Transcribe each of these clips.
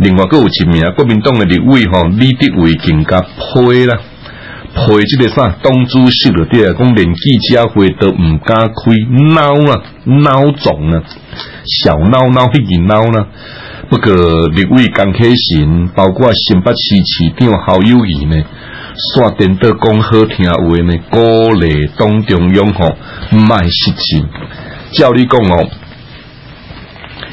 另外有一，各有一名國民黨嘅立委吼，李德維更加配啦，配即個啥？黨主席咯，啲啊，講連記者會都唔敢開，孬啊，孬種啊，小孬孬，黑人孬啦，不過立委剛開始包括新北市市長侯友宜呢，刷點都講好聽話呢，鼓勵黨中央吼，唔係實情，照理講吼。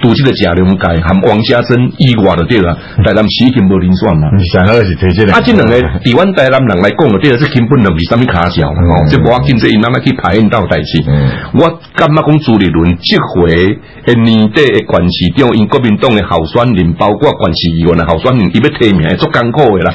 杜琪的賈良含王家珍、以外都對啦，但咱習近平不磷酸嘛。啊，這兩個台灣台南人來講，對啦，是根本不是啥物卡笑。即我今朝因那麼去排應到代志，我感覺講朱立倫即回誒年底的縣市長因國民黨嘅候選人，包括縣市議員嘅候選人，伊要提名，足艱苦嘅啦。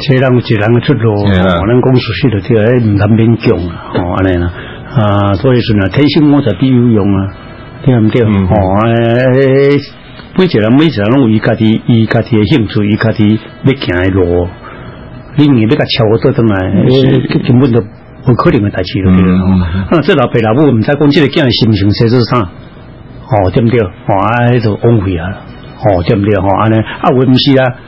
這人自然的出路，可能講熟悉了，就哎，唔通勉強啊，吼安尼啦，啊，所以說呢，提醒我就比較有用啊，對唔對？誒、嗯哦欸，每一個人，每一個人都有伊家己，伊家己的興趣，伊家己要行的路，你唔要佮巧我對上來，根本都冇可能的代志咯，對唔對？啊，即老爸老母唔知講即個囝仔是型車子啥？哦，對唔對？吼、哦，啊、就誤會啊，哦，對唔對？哦，啊、安尼、哦，啊，我唔是啊。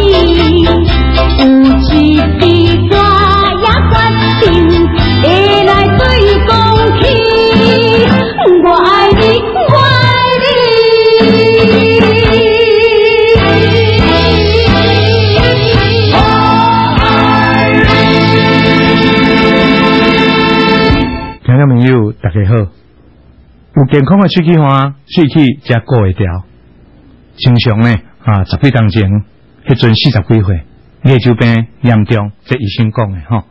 有健康嘅喙齒花，喙齒加過一條，正常呢？啊，十幾當前迄陣四十幾歲，塊。牙周邊嚴重，這醫生講嘅吼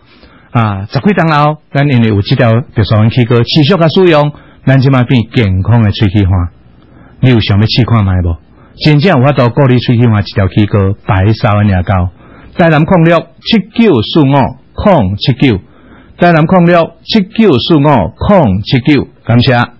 啊，十幾當後咱因為有即條特殊齒膏持續嘅使用，咱即碼變健康嘅喙齒花。你有想要試看賣無？真正有法度過利喙齒花，即條齒膏，白沙牙膏，帶南礦六七九四五空七九，帶南礦六七九四五空七九，感謝。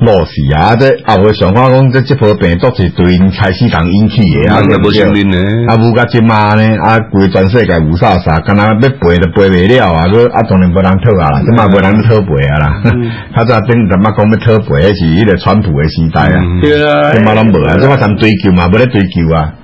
冇事啊！即阿我常話講，即即部病毒是對菜市場引起嘅，阿冇革命咧，啊，烏家接馬咧，啊，規、啊啊啊、全世界烏紗紗，咁啊要賠都賠唔了啊！佢啊，當然無人討啊啦，咁啊無人討賠啊啦。他啊，頂陣啊，講、嗯、要討賠係是迄個川普嘅時代啊。即擺攏無啊，即擺想追究嘛，無咧追究啊。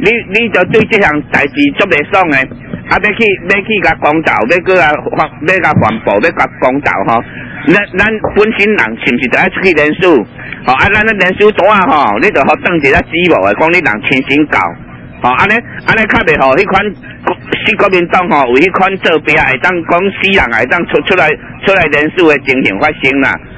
你你就對即項代志做唔爽嘅，啊！你去你去架公道，你去架環你架環保，你架公道吼。你、哦、咱、啊啊、本身人是唔是就喺出去連署哦，啊！咱啲連署單啊，吼、啊哦，你就學當一個紙冇嘅，講你人清醒教。哦，安尼安尼較唔好。嗰款四國民黨吼、啊，有嗰款作弊，會當講死人，會當出出來出來連署嘅情形發生啦。啊